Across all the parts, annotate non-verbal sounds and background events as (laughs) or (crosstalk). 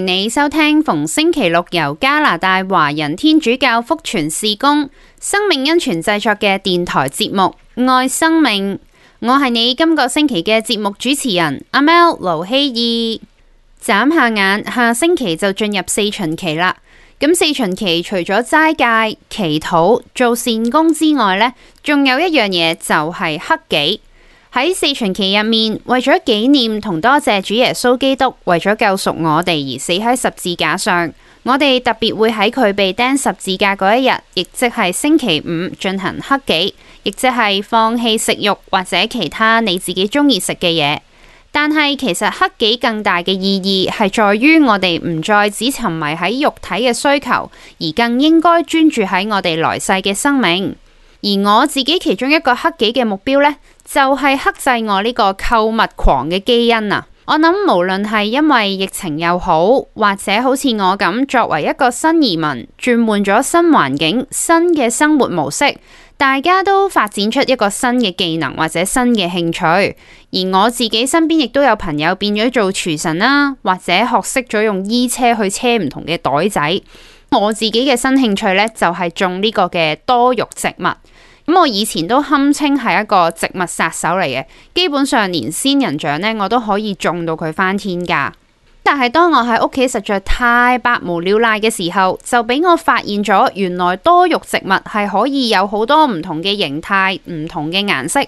你收聽逢星期六由加拿大華人天主教福傳事工生命恩泉製作嘅電台節目《愛生命》，我係你今個星期嘅節目主持人阿 Mel 盧希義。眨下眼，下星期就進入四旬期啦。咁四旬期除咗齋戒、祈禱、做善工之外呢，仲有一樣嘢就係克己。喺四旬期入面，為咗紀念同多謝主耶穌基督為咗救贖我哋而死喺十字架上，我哋特別會喺佢被釘十字架嗰一日，亦即係星期五進行黑忌，亦即係放棄食肉或者其他你自己中意食嘅嘢。但係其實黑忌更大嘅意義係在於我哋唔再只沉迷喺肉體嘅需求，而更應該專注喺我哋來世嘅生命。而我自己其中一個黑忌嘅目標呢，就係克制我呢個購物狂嘅基因啊！我諗無論係因為疫情又好，或者好似我咁作為一個新移民，轉換咗新環境、新嘅生活模式，大家都發展出一個新嘅技能或者新嘅興趣。而我自己身邊亦都有朋友變咗做廚神啦、啊，或者學識咗用衣車去車唔同嘅袋仔。我自己嘅新興趣呢，就係、是、種呢個嘅多肉植物。咁我以前都堪稱係一個植物殺手嚟嘅，基本上連仙人掌呢，我都可以種到佢翻天噶。但係當我喺屋企實在太百無聊賴嘅時候，就俾我發現咗，原來多肉植物係可以有好多唔同嘅形態、唔同嘅顏色，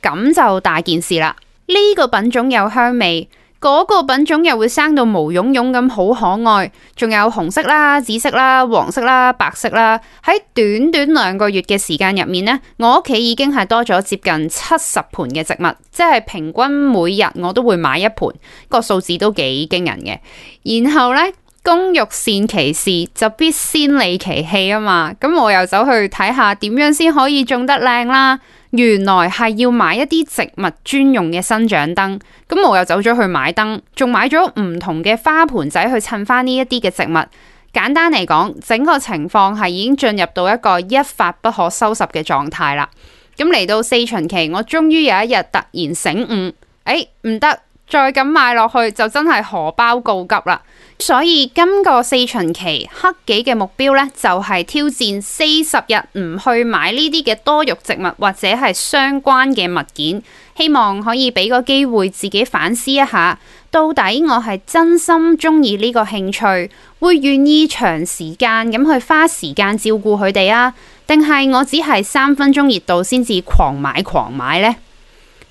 咁就大件事啦。呢個品種有香味。嗰個品種又會生到毛茸茸咁，好可愛。仲有紅色啦、紫色啦、黃色啦、白色啦。喺短短兩個月嘅時間入面呢，我屋企已經係多咗接近七十盆嘅植物，即係平均每日我都會買一盆，個數字都幾驚人嘅。然後呢，工欲善其事，就必先利其器啊嘛。咁我又走去睇下點樣先可以種得靚啦。原來係要買一啲植物專用嘅生長燈，咁我又走咗去買燈，仲買咗唔同嘅花盆仔去襯翻呢一啲嘅植物。簡單嚟講，整個情況係已經進入到一個一發不可收拾嘅狀態啦。咁嚟到四旬期，我終於有一日突然醒悟，誒、哎，唔得。再咁買落去就真係荷包告急啦，所以今個四旬期黑幾嘅目標呢，就係挑戰四十日唔去買呢啲嘅多肉植物或者係相關嘅物件，希望可以俾個機會自己反思一下，到底我係真心中意呢個興趣，會願意長時間咁去花時間照顧佢哋啊，定係我只係三分鐘熱度先至狂買狂買呢？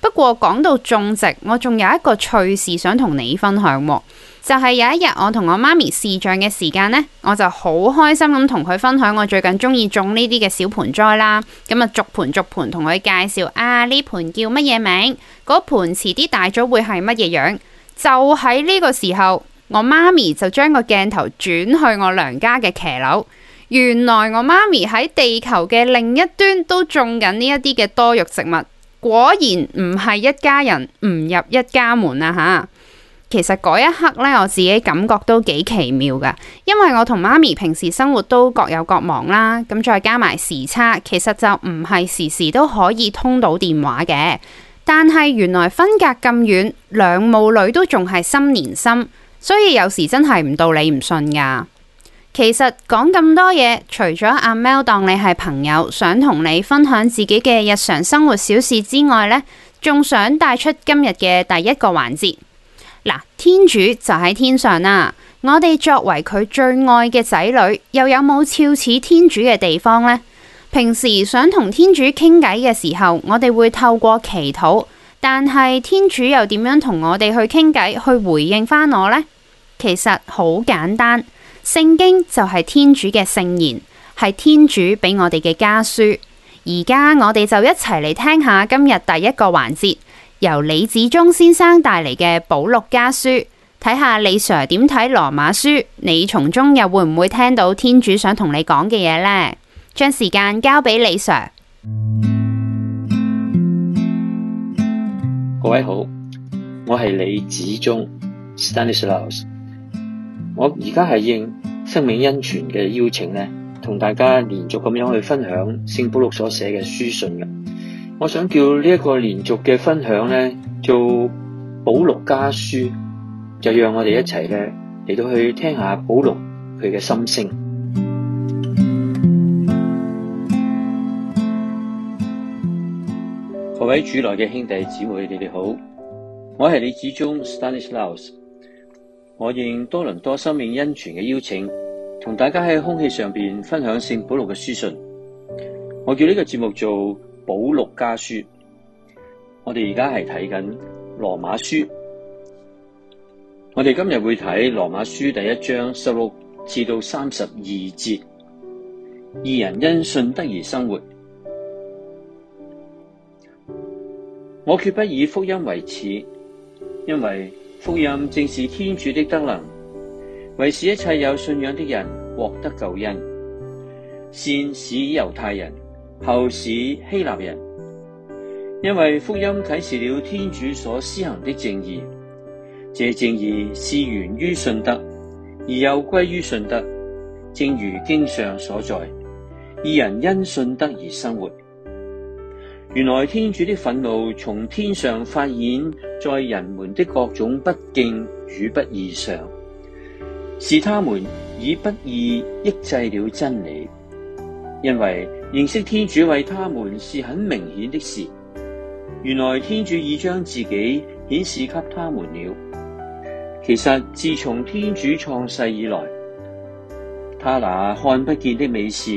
不過講到種植，我仲有一個趣事想同你分享啊，就係、是、有一日我同我媽咪試像視像嘅時間呢，我就好開心咁同佢分享我最近中意種呢啲嘅小盆栽啦。咁啊，逐盆逐盆同佢介紹，啊，呢盆叫乜嘢名，嗰盆遲啲大咗會係乜嘢樣。就喺呢個時候，我媽咪就將個鏡頭轉去我娘家嘅騎樓。原來我媽咪喺地球嘅另一端都種緊呢一啲嘅多肉植物。果然唔係一家人唔入一家門啦吓，其實嗰一刻呢，我自己感覺都幾奇妙噶，因為我同媽咪平時生活都各有各忙啦，咁再加埋時差，其實就唔係時時都可以通到電話嘅。但係原來分隔咁遠，兩母女都仲係心連心，所以有時真係唔到你唔信噶。其實講咁多嘢，除咗阿 Mel 當你係朋友，想同你分享自己嘅日常生活小事之外呢，仲想帶出今日嘅第一個環節嗱。天主就喺天上啦，我哋作為佢最愛嘅仔女，又有冇肖似天主嘅地方呢？平時想同天主傾偈嘅時候，我哋會透過祈禱，但係天主又點樣同我哋去傾偈去回應返我呢？其實好簡單。聖經就係天主嘅聖言，係天主俾我哋嘅家書。而家我哋就一齊嚟聽下今日第一個環節，由李子忠先生帶嚟嘅《保祿家書》，睇下李 sir 點睇羅馬書，你從中又會唔會聽到天主想同你講嘅嘢呢？將時間交俾李 sir。各位好，我係李子忠，Stanislaus 我而家係應生命恩泉嘅邀請咧，同大家連續咁樣去分享聖保祿所寫嘅書信嘅。我想叫呢一個連續嘅分享咧，做保祿家書，就讓我哋一齊咧嚟到去聽下保祿佢嘅心聲。各位主內嘅兄弟姊妹，你哋好，我係李志忠，Stanislaus。我應多倫多生命恩泉嘅邀請，同大家喺空氣上邊分享聖保祿嘅書信。我叫呢個節目做《保祿家書》。我哋而家係睇緊《羅馬書》，我哋今日會睇《羅馬書》第一章十六至到三十二節。義人因信德而生活。我絕不以福音為恥，因為，福音正是天主的德能，為使一切有信仰的人獲得救恩，先使猶太人，後使希臘人，因為福音啟示了天主所施行的正義，這正義是源於信德，而又歸於信德，正如經上所在，二人因信德而生活。原來天主的憤怒從天上發現在人們的各種不敬與不義上，是他們以不義抑制了真理。因為認識天主為他們是很明顯的事，原來天主已將自己顯示給他們了。其實自從天主創世以來，他那看不見的美善，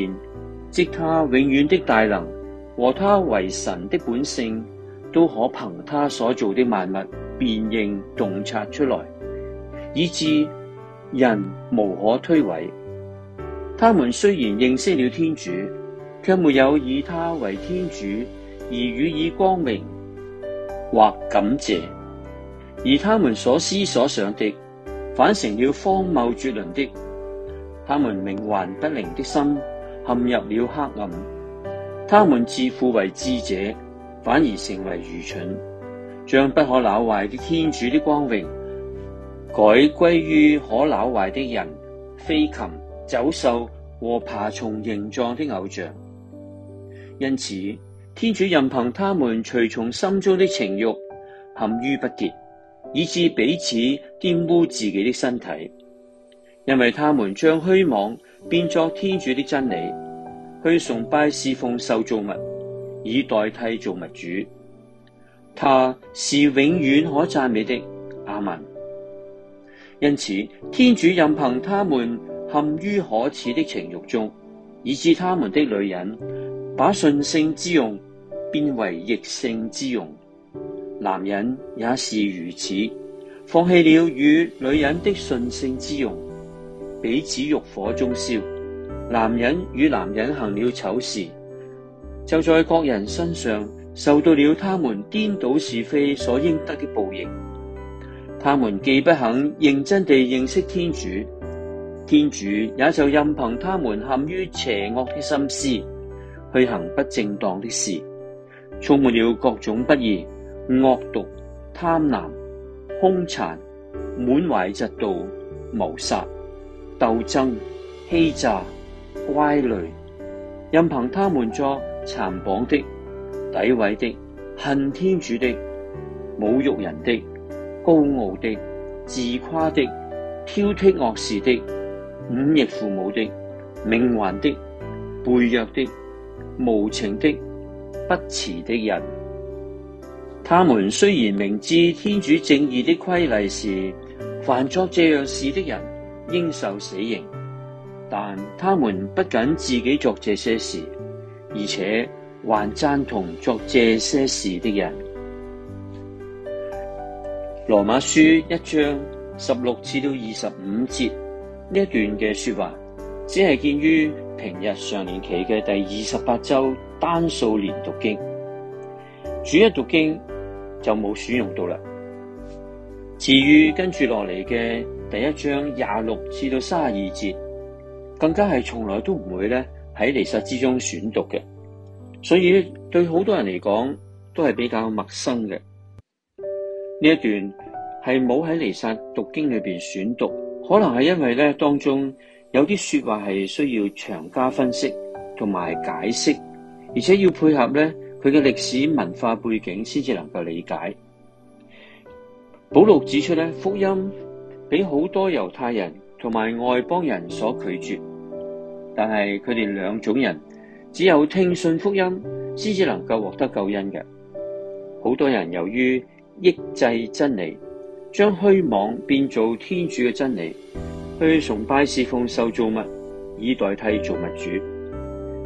即他永遠的大能。和他為神的本性，都可憑他所做的萬物辨認洞察出來，以致人無可推諉。他們雖然認識了天主，卻沒有以他為天主而予以光明或感謝，而他們所思所想的，反成了荒謬絕倫的。他們冥頑不靈的心，陷入了黑暗。他們自負為智者，反而成為愚蠢，將不可朽壞的天主的光榮，改歸於可朽壞的人、飛禽、走獸和爬蟲形狀的偶像。因此，天主任憑他們隨從心中的情欲，陷於不潔，以致彼此玷污自己的身體，因為他們將虛妄變作天主的真理。去崇拜侍奉受造物，以代替造物主。他是永遠可讚美的，阿們。因此，天主任憑他們陷於可恥的情欲中，以致他們的女人把順性之用變為逆性之用。男人也是如此，放棄了與女人的順性之用，彼此欲火中燒。男人與男人行了醜事，就在各人身上受到了他們顛倒是非所應得的報應。他們既不肯認真地認識天主，天主也就任憑他們陷於邪惡的心思，去行不正當的事，充滿了各種不義、惡毒、貪婪、凶殘、滿懷嫉妒、謀殺、鬥爭、欺詐。欺詐乖類，任憑他們作殘榜的、詆毀的、恨天主的、侮辱人的、高傲的、自誇的、挑剔惡事的、忤逆父母的、冥頑的、背約的、無情的、不慈的人。他們雖然明知天主正義的規例是凡作這樣事的人應受死刑。但他們不僅自己作這些事，而且還贊同作這些事的人。羅馬書一章十六至到二十五節呢一段嘅說話，只係見於平日常年期嘅第二十八周單數年讀經，主一讀經就冇選用到啦。至於跟住落嚟嘅第一章廿六至到卅二節。更加係從來都唔會咧喺彌撒之中選讀嘅，所以對好多人嚟講都係比較陌生嘅。呢一段係冇喺彌撒讀經裏邊選讀，可能係因為咧當中有啲說話係需要詳加分析同埋解釋，而且要配合咧佢嘅歷史文化背景先至能夠理解。保祿指出咧，福音俾好多猶太人。同埋外邦人所拒絕，但係佢哋兩種人只有聽信福音，先至能夠獲得救恩嘅。好多人由於抑制真理，將虛妄變做天主嘅真理，去崇拜侍奉受造物，以代替造物主。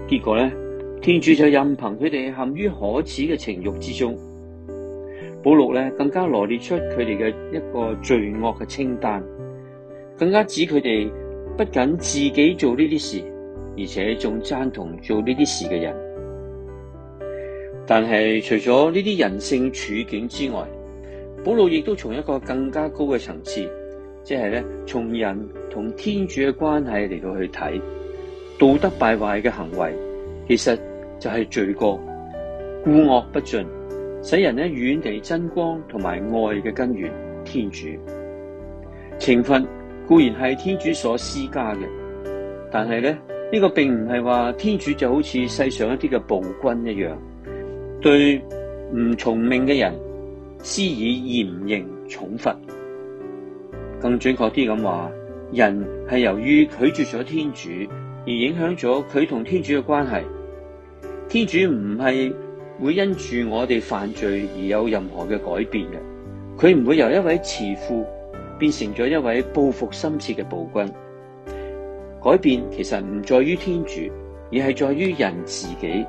結果咧，天主就任憑佢哋陷於可恥嘅情欲之中。保祿咧更加羅列出佢哋嘅一個罪惡嘅清單。更加指佢哋不僅自己做呢啲事，而且仲贊同做呢啲事嘅人。但係除咗呢啲人性處境之外，保祿亦都從一個更加高嘅層次，即係咧從人同天主嘅關係嚟到去睇道德敗壞嘅行為，其實就係罪過，故惡不盡，使人咧遠離真光同埋愛嘅根源天主情分。固然係天主所施加嘅，但係咧呢、呢個並唔係話天主就好似世上一啲嘅暴君一樣，對唔從命嘅人施以嚴刑重罰。更準確啲咁話，人係由於拒絕咗天主而影響咗佢同天主嘅關係。天主唔係會因住我哋犯罪而有任何嘅改變嘅，佢唔會由一位慈父，變成咗一位報復深切嘅暴君，改變其實唔在於天主，而係在於人自己。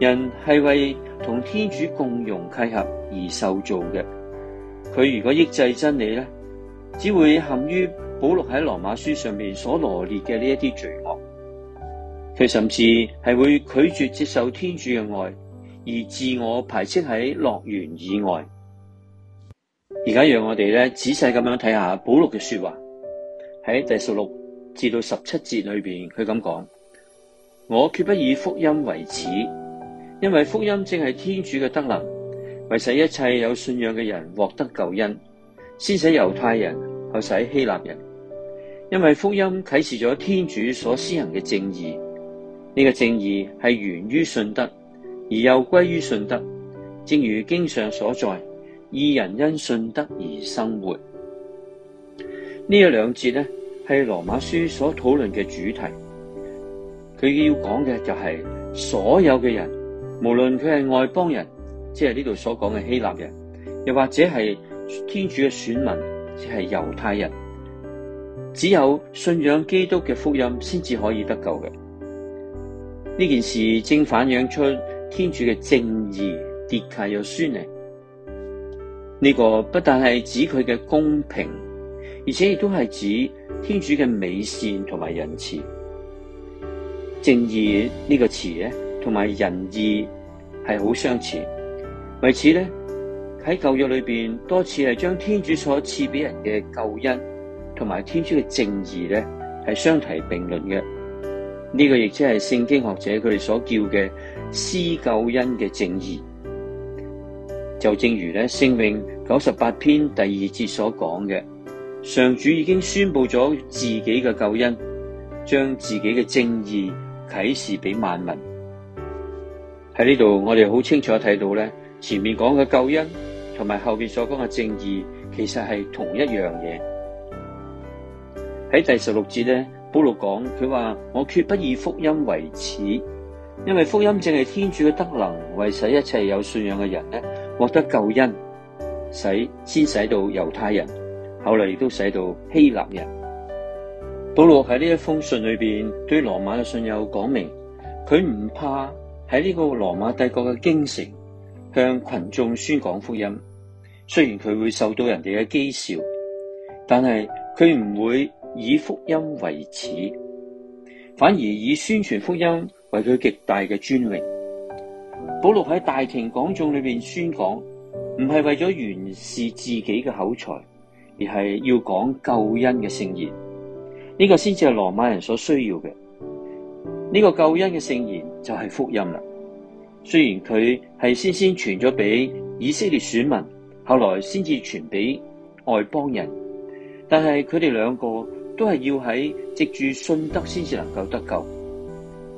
人係為同天主共融契合而受造嘅，佢如果抑制真理咧，只會陷於保羅喺羅馬書上面所羅列嘅呢一啲罪惡。佢甚至係會拒絕接受天主嘅愛，而自我排斥喺樂園以外。而家讓我哋咧仔細咁樣睇下保祿嘅說話，喺第十六至到十七節裏邊，佢咁講：我決不以福音為恥，因為福音正係天主嘅德能，為使一切有信仰嘅人獲得救恩，先係猶太人，後係希臘人。因為福音啟示咗天主所施行嘅正義，呢、這個正義係源於信德，而又歸於信德，正如經上所在。義人因信德而生活。呢一兩節咧係羅馬書所討論嘅主題。佢要講嘅就係、是、所有嘅人，無論佢係外邦人，即係呢度所講嘅希臘人，又或者係天主嘅選民，即係猶太人，只有信仰基督嘅福音先至可以得救嘅。呢件事正反映出天主嘅正義，跌蹄又輸贏。呢個不但係指佢嘅公平，而且亦都係指天主嘅美善同埋仁慈。正義呢個詞咧，同埋仁義係好相似。為此咧，喺舊約裏邊多次係將天主所賜俾人嘅救恩同埋天主嘅正義咧係相提並論嘅。呢個亦即係聖經學者佢哋所叫嘅施救恩嘅正義。就正如咧聖詠九十八篇第二節所講嘅，上主已經宣布咗自己嘅救恩，將自己嘅正義啟示俾萬民。喺呢度，我哋好清楚睇到咧，前面講嘅救恩同埋後邊所講嘅正義，其實係同一樣嘢。喺第十六節咧，保禄講佢話：我絕不以福音為恥，因為福音正係天主嘅德能，為使一切有信仰嘅人咧。獲得救恩，使先使到猶太人，後來亦都使到希臘人。保羅喺呢一封信裏邊，對羅馬嘅信友講明，佢唔怕喺呢個羅馬帝國嘅京城向群眾宣講福音，雖然佢會受到人哋嘅譏笑，但係佢唔會以福音為恥，反而以宣傳福音為佢極大嘅尊榮。保祿喺大庭廣眾裏邊宣講，唔係為咗展示自己嘅口才，而係要講救恩嘅聖言。呢、這個先至係羅馬人所需要嘅。呢、這個救恩嘅聖言就係福音啦。雖然佢係先先傳咗俾以色列選民，後來先至傳俾外邦人，但係佢哋兩個都係要喺藉住信德，先至能夠得救。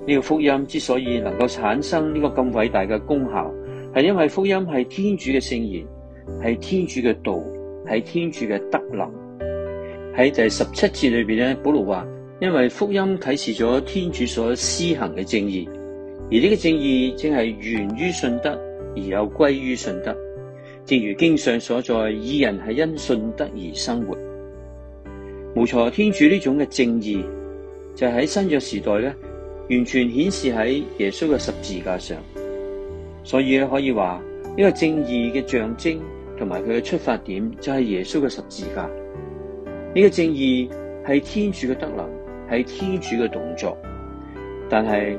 呢個福音之所以能夠產生呢個咁偉大嘅功效，係因為福音係天主嘅聖言，係天主嘅道，係天主嘅德能。喺第十七節裏邊咧，保羅話：因為福音啟示咗天主所施行嘅正義，而呢個正義正係源於信德，而又歸於信德。正如經上所載，義人係因信德而生活。無錯，天主呢種嘅正義就係喺新約時代咧，完全顯示喺耶穌嘅十字架上，所以咧可以話呢個正義嘅象徵同埋佢嘅出發點就係耶穌嘅十字架。呢個正義係天主嘅德能，係天主嘅動作，但係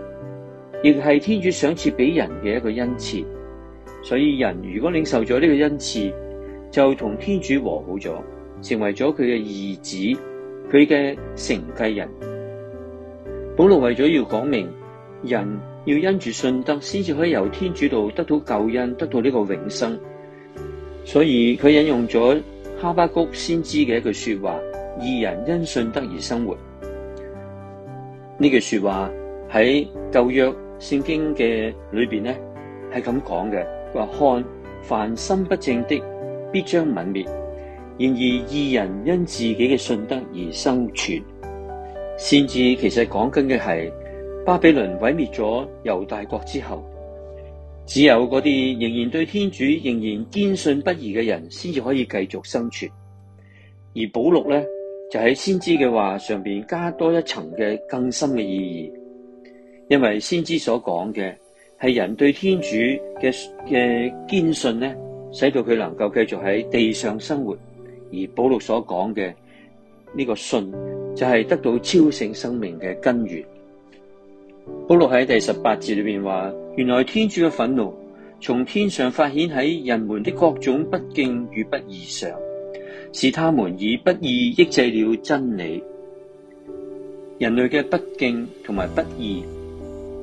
亦係天主賞賜俾人嘅一個恩賜。所以人如果領受咗呢個恩賜，就同天主和好咗，成為咗佢嘅義子，佢嘅承繼人。保羅為咗要講明人要因住信德，先至可以由天主道得到救恩，得到呢個永生。所以佢引用咗哈巴谷先知嘅一句說話：義人因信德而生活。呢句說話喺舊約聖經嘅裏邊呢係咁講嘅，佢話看凡心不正的必將泯滅，然而義人因自己嘅信德而生存。先知其實講緊嘅係巴比倫毀滅咗猶大國之後，只有嗰啲仍然對天主仍然堅信不疑嘅人，先至可以繼續生存。而保祿咧就喺先知嘅話上邊加多一層嘅更深嘅意義，因為先知所講嘅係人對天主嘅嘅堅信咧，使到佢能夠繼續喺地上生活。而保祿所講嘅呢個信。就係得到超性生命嘅根源。保祿喺第十八節裏邊話：原來天主嘅憤怒從天上發顯喺人們的各種不敬與不義上，是他們以不義抑制了真理。人類嘅不敬同埋不義，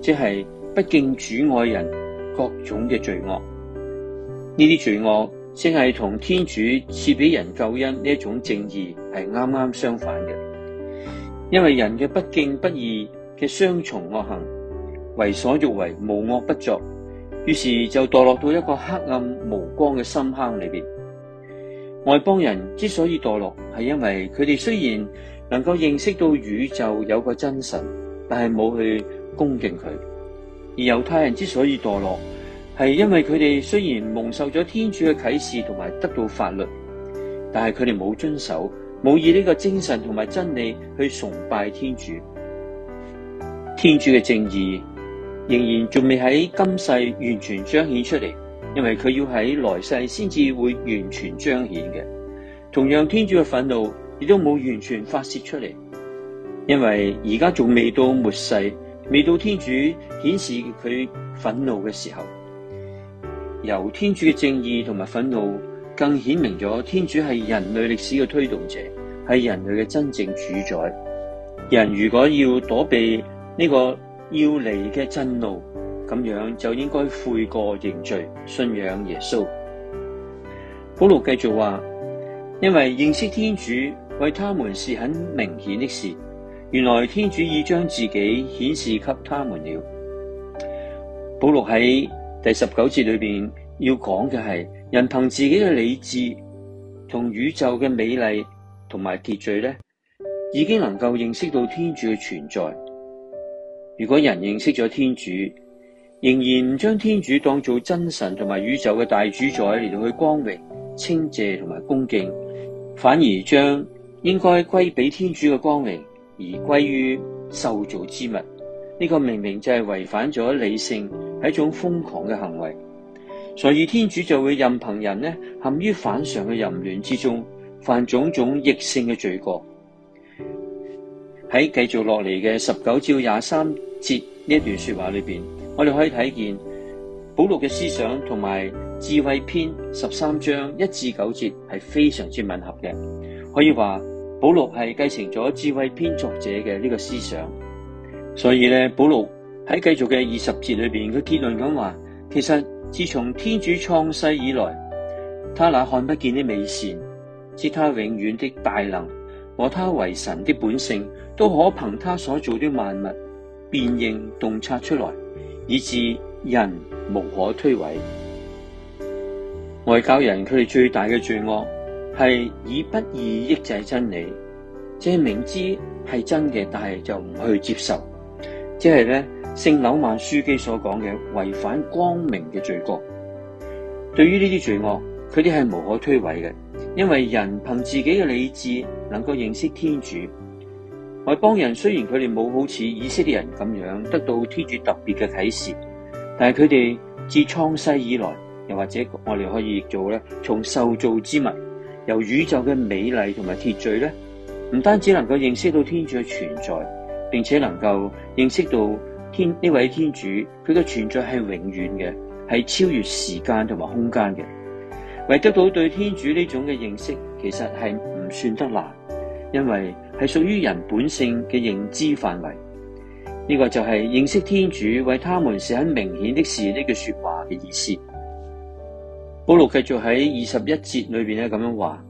即係不敬主愛人各種嘅罪惡。呢啲罪惡正係同天主賜俾人救恩呢一種正義係啱啱相反嘅。因為人嘅不敬不義嘅雙重惡行，為所欲為，無惡不作，於是就墮落到一個黑暗無光嘅深坑裏邊。外邦人之所以墮落，係因為佢哋雖然能夠認識到宇宙有個真神，但係冇去恭敬佢；而猶太人之所以墮落，係因為佢哋雖然蒙受咗天主嘅啟示同埋得到法律，但係佢哋冇遵守。冇以呢個精神同埋真理去崇拜天主，天主嘅正義仍然仲未喺今世完全彰顯出嚟，因為佢要喺來世先至會完全彰顯嘅。同樣，天主嘅憤怒亦都冇完全發洩出嚟，因為而家仲未到末世，未到天主顯示佢憤怒嘅時候，由天主嘅正義同埋憤怒。更顯明咗，天主係人類歷史嘅推動者，係人類嘅真正主宰。人如果要躲避呢個要嚟嘅震怒，咁樣就應該悔過認罪，信仰耶穌。保祿繼續話，因為認識天主為他們是很明顯的事，原來天主已將自己顯示給他們了。保祿喺第十九節裏邊要講嘅係。人憑自己嘅理智同宇宙嘅美麗同埋秩序咧，已經能夠認識到天主嘅存在。如果人認識咗天主，仍然唔將天主當做真神同埋宇宙嘅大主宰嚟到去光榮、清謝同埋恭敬，反而將應該歸俾天主嘅光榮而歸於受造之物，呢、這個明明就係違反咗理性，係一種瘋狂嘅行為。所以天主就會任憑人呢，陷於反常嘅淫亂之中，犯種種逆性嘅罪過。喺繼續落嚟嘅十九至廿三節呢一段說話裏邊，我哋可以睇見保祿嘅思想同埋智慧篇十三章一至九節係非常之吻合嘅。可以話保祿係繼承咗智慧篇作者嘅呢個思想。所以咧，保祿喺繼續嘅二十節裏邊，佢結論咁話，其實。自從天主創世以來，他那看不見的美善，即他永遠的大能和他為神的本性，都可憑他所做的萬物辨認洞察出來，以致人無可推諉。外教人佢哋最大嘅罪惡係以不義抑制真理，即係明知係真嘅，但係就唔去接受。即係咧，聖紐曼樞機所講嘅違反光明嘅罪惡，對於呢啲罪惡，佢哋係無可推諉嘅，因為人憑自己嘅理智能夠認識天主。外邦人雖然佢哋冇好似以色列人咁樣得到天主特別嘅啟示，但係佢哋自創世以來，又或者我哋可以做咧，從受造之物，由宇宙嘅美麗同埋秩序咧，唔單止能夠認識到天主嘅存在。並且能夠認識到天呢位天主，佢嘅存在係永遠嘅，係超越時間同埋空間嘅。為得到對天主呢種嘅認識，其實係唔算得難，因為係屬於人本性嘅認知範圍。呢、這個就係認識天主為他們是很明顯的事呢句說話嘅意思。保祿繼續喺二十一節裏邊咧咁樣話。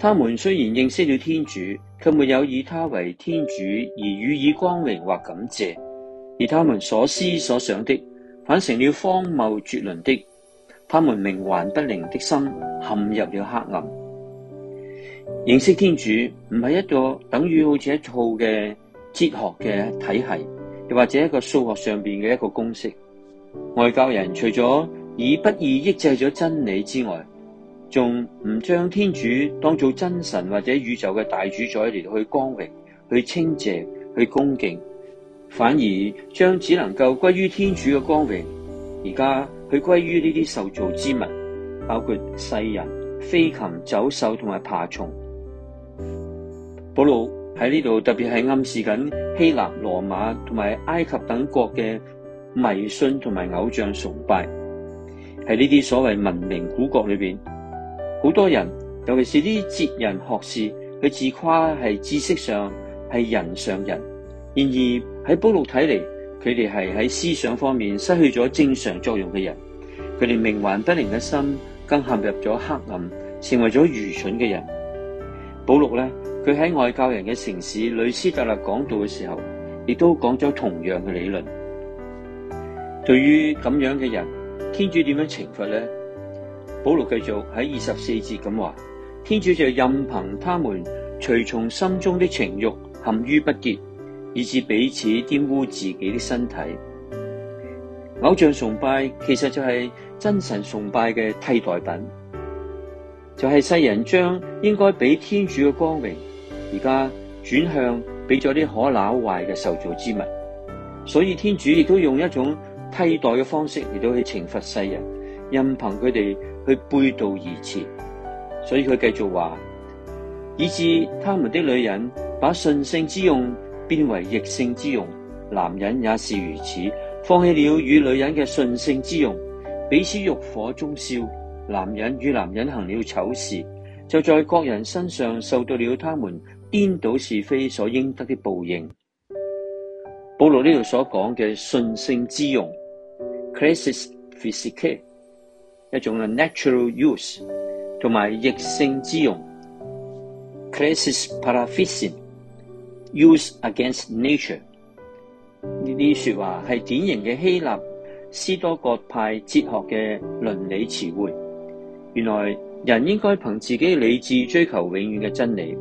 他們雖然認識了天主，却沒有以他為天主而予以光榮或感謝，而他們所思所想的，反成了荒謬絕倫的。他們冥頑不靈的心，陷入了黑暗。認識天主唔係一個等於好似一套嘅哲學嘅體系，又或者一個數學上邊嘅一個公式。外教人除咗以不義抑制咗真理之外，仲唔將天主當做真神或者宇宙嘅大主宰嚟到去光榮、去清謝、去恭敬，反而將只能夠歸於天主嘅光榮，而家佢歸於呢啲受造之物，包括世人、飛禽、走獸同埋爬蟲。保祿喺呢度特別係暗示緊希臘、羅馬同埋埃及等國嘅迷信同埋偶像崇拜，喺呢啲所謂文明古國裏邊。好多人，尤其是啲哲人學士，佢自誇係知識上係人上人。然而喺保祿睇嚟，佢哋係喺思想方面失去咗正常作用嘅人。佢哋冥頑不靈嘅心，更陷入咗黑暗，成為咗愚蠢嘅人。保祿咧，佢喺外教人嘅城市呂斯特勒講道嘅時候，亦都講咗同樣嘅理論。對於咁樣嘅人，天主點樣懲罰咧？保羅繼續喺二十四節咁話，天主就任憑他們隨從心中的情欲，陷於不潔，以致彼此玷污自己的身體。偶像崇拜其實就係真神崇拜嘅替代品，就係、是、世人將應該俾天主嘅光榮，而家轉向俾咗啲可朽壞嘅受造之物。所以天主亦都用一種替代嘅方式嚟到去懲罰世人，任憑佢哋。佢背道而馳，所以佢繼續話，以致他們的女人把順性之用變為逆性之用，男人也是如此，放棄了與女人嘅順性之用，彼此慾火中燒。男人與男人行了醜事，就在各人身上受到了他們顛倒是非所應得的報應。保羅呢度所講嘅順性之用 p h y s i c 一種嘅 natural use 同埋逆性之用 chresis para physin use against nature 呢啲說話係典型嘅希臘斯多葛派哲學嘅倫理詞彙，原來人應該憑自己理智追求永遠嘅真理，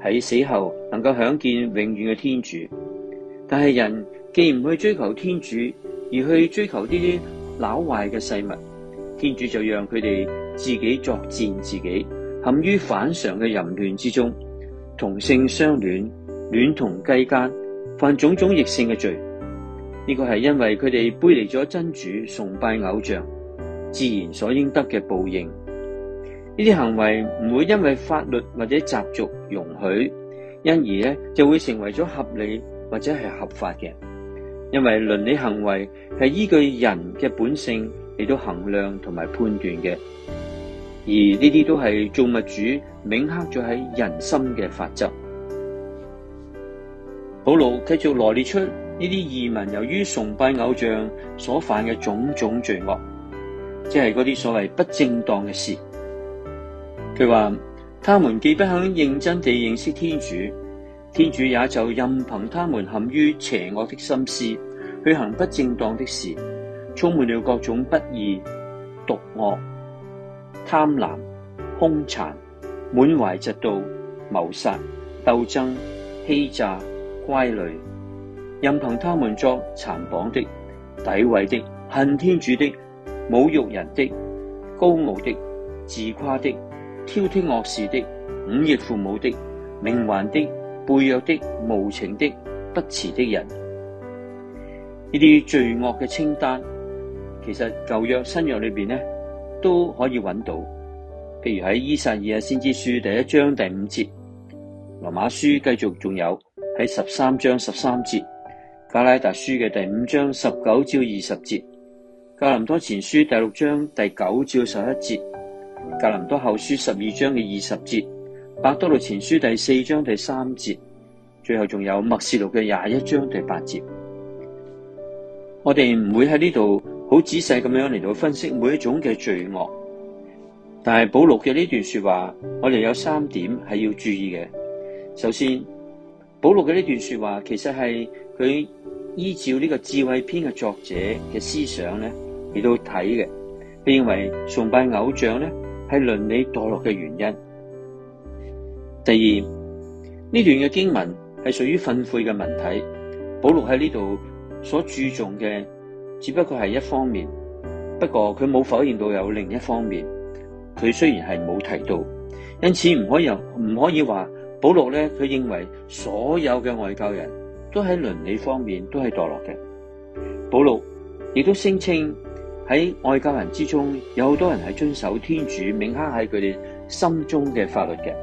喺死後能夠享見永遠嘅天主。但係人既唔去追求天主，而去追求呢啲攪壞嘅事物。天主就讓佢哋自己作踐自己，陷於反常嘅淫亂之中，同性相戀、戀同雞奸，犯種種逆性嘅罪。呢個係因為佢哋背離咗真主、崇拜偶像，自然所應得嘅報應。呢啲行為唔會因為法律或者習俗容許，因而咧就會成為咗合理或者係合法嘅，因為倫理行為係依據人嘅本性，你都衡量同埋判斷嘅，而呢啲都係造物主銘刻咗喺人心嘅法則。保羅繼續羅列出呢啲異民由於崇拜偶像所犯嘅種種罪惡，即係嗰啲所謂不正當嘅事。佢話，他們既不肯認真地認識天主，天主也就任憑他們陷於邪惡的心思，去行不正當的事。充滿了各種不義、毒惡、貪婪、兇殘、滿懷嫉妒、謀殺、鬥爭、欺詐、乖戾，任憑他們作殘綁的、詆毀的、恨天主的、侮辱人的、高傲的、自誇的、挑剔惡事的、忤逆父母的、命頑的、背約的、無情的、不慈的人，呢啲罪惡嘅清單。其實舊約新約裏邊咧都可以揾到，譬如喺《依撒意亞先知書》第一章第五節，《羅馬書》繼續仲有喺十三章十三節，《迦拉達書》嘅第五章十九至二十節，《格林多前書》第六章第九至十一節，《格林多後書》十二章嘅二十節，《伯多祿前書》第四章第三節，最後仲有《默示錄》嘅廿一章第八節。我哋唔會喺呢度。好仔細咁樣嚟到分析每一種嘅罪惡，但係保祿嘅呢段說話，我哋有三點係要注意嘅。首先，保祿嘅呢段說話其實係佢依照呢個智慧篇嘅作者嘅思想咧嚟到睇嘅，被認為崇拜偶像咧係倫理墮落嘅原因。第二，呢段嘅經文係屬於訓誨嘅文體，保祿喺呢度所注重嘅。只不過係一方面，不過佢冇否認到有另一方面，佢雖然係冇提到，因此唔可以又唔可以話保祿咧，佢認為所有嘅外教人都喺倫理方面都係墮落嘅。保祿亦都聲稱喺外教人之中有好多人係遵守天主銘刻喺佢哋心中嘅法律嘅。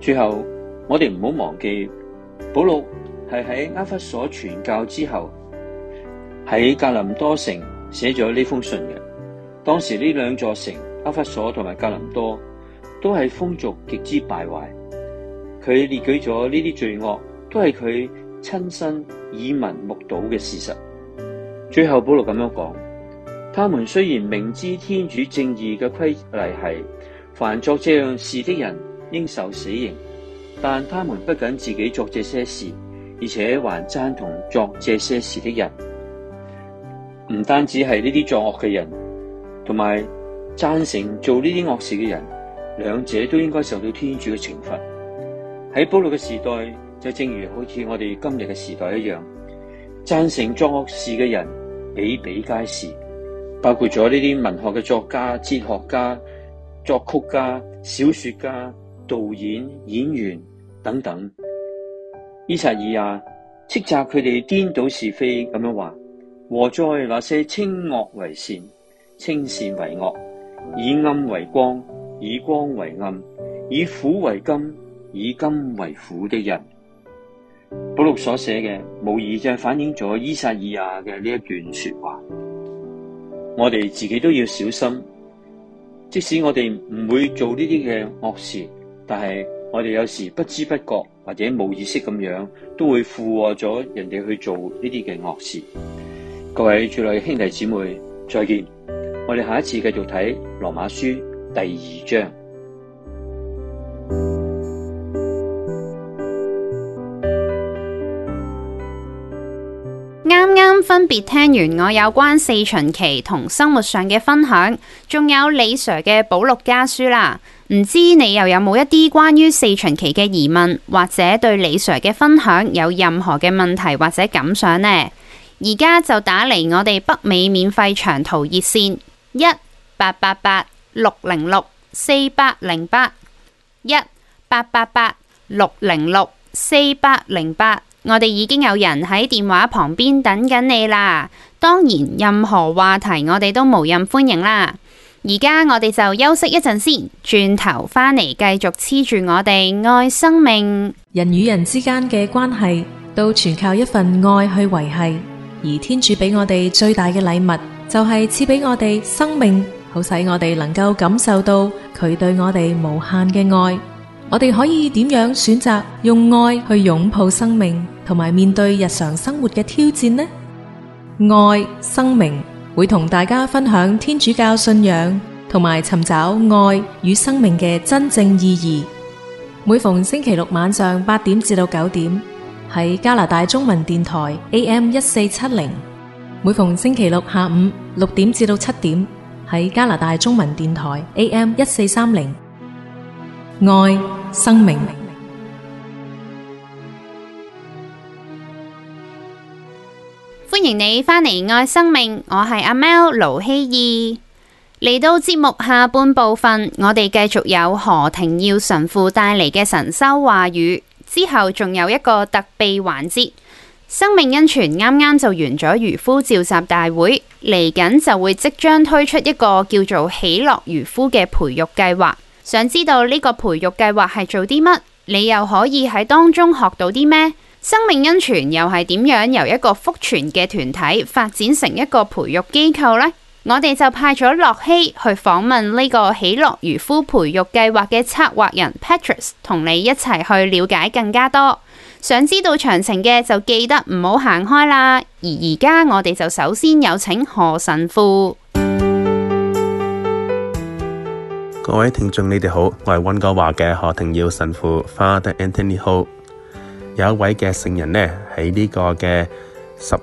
最後，我哋唔好忘記保祿係喺阿弗所傳教之後。喺格林多城寫咗呢封信嘅，當時呢兩座城阿弗所同埋格林多都係風俗極之敗壞。佢列舉咗呢啲罪惡，都係佢親身耳聞目睹嘅事實。最後保羅咁樣講：他們雖然明知天主正義嘅規例係凡作這樣事的人應受死刑，但他們不僅自己作這些事，而且還讚同作這些事的人。唔單止係呢啲作惡嘅人，同埋贊成做呢啲惡事嘅人，兩者都應該受到天主嘅懲罰。喺保祿嘅時代，就正如好似我哋今日嘅時代一樣，贊成作惡事嘅人比比皆是，包括咗呢啲文學嘅作家、哲學家、作曲家、小說家、導演、演員等等。依撒意亞斥責佢哋顛倒是非，咁樣話。禍哉那些稱惡為善、稱善為惡、以暗為光、以光為暗、以苦為甘、以甘為苦的人，保祿所寫嘅無疑就係反映咗伊撒爾亞嘅呢一段說話。我哋自己都要小心，即使我哋唔會做呢啲嘅惡事，但係我哋有時不知不覺或者冇意識咁樣，都會附和咗人哋去做呢啲嘅惡事。各位主內兄弟姊妹再見，我哋下一次繼續睇羅馬書第二章。啱啱分別聽完我有關四旬期同生活上嘅分享，仲有李 Sir 嘅保祿家書啦。唔知你又有冇一啲關於四旬期嘅疑問，或者對李 Sir 嘅分享有任何嘅問題或者感想呢？而家就打嚟我哋北美免費長途熱線一八八八六零六四八零八一八八八六零六四八零八，我哋已經有人喺電話旁邊等緊你啦。當然，任何話題我哋都無任歡迎啦。而家我哋就休息一陣先，轉頭返嚟繼續黐住我哋愛生命。人與人之間嘅關係，都全靠一份愛去維繫。而天主俾我哋最大嘅禮物，就係賜俾我哋生命，好使我哋能夠感受到佢對我哋無限嘅愛。我哋可以點樣選擇用愛去擁抱生命，同埋面對日常生活嘅挑戰呢？愛生命會同大家分享天主教信仰，同埋尋找愛與生命嘅真正意義。每逢星期六晚上八點至到九點。喺加拿大中文電台 AM 一四七零，每逢星期六下午六點至到七點喺加拿大中文電台 AM 一四三零。愛生命，歡迎你返嚟。愛生命，我係阿 Mel 盧希義。嚟到節目下半部分，我哋繼續有何庭耀神父帶嚟嘅神修話語。之後仲有一個特備環節，生命恩泉啱啱就完咗漁夫召集大會，嚟緊就會即將推出一個叫做喜樂漁夫嘅培育計劃。想知道呢個培育計劃係做啲乜？你又可以喺當中學到啲咩？生命恩泉又係點樣由一個福傳嘅團體發展成一個培育機構呢？我哋就派咗洛希去訪問呢個喜樂漁夫培育，育計劃嘅策劃人 Patrice，同你一齊去了解更加多。想知道詳情嘅就記得唔好行開啦。而而家我哋就首先有請何神父。各位聽眾，你哋好，我係溫哥華嘅何庭耀神父 Father Anthony Ho。有一位嘅聖人呢，喺呢個嘅十二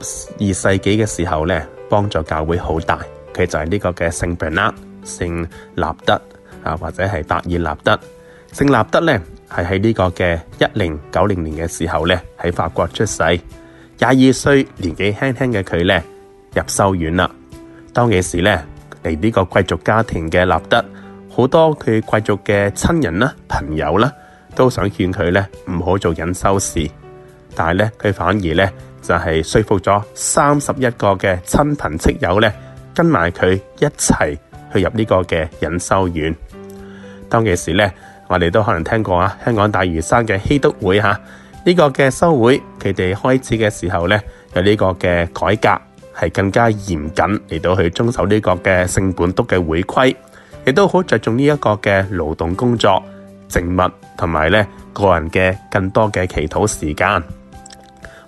世紀嘅時候呢，幫助教會好大。佢就係呢個嘅聖伯納，聖納德啊，或者係達爾納德。聖納德呢，係喺呢個嘅一零九零年嘅時候呢，喺法國出世，廿二歲，年紀輕輕嘅佢呢，入修院啦。當其時呢，嚟呢個貴族家庭嘅納德，好多佢貴族嘅親人啦、朋友啦，都想勸佢呢唔好做隱修士，但係呢佢反而呢就係說服咗三十一個嘅親朋戚友呢，跟埋佢一齊去入呢個嘅隱修院。當其時咧，我哋都可能聽過啊，香港大嶼山嘅熙篤會哈呢個嘅修會，佢哋開始嘅時候咧，有呢個嘅改革係更加嚴謹，嚟到去遵守呢個嘅聖本篤嘅會規，亦都好着重呢一個嘅勞動工作、靜默同埋咧個人嘅更多嘅祈禱時間。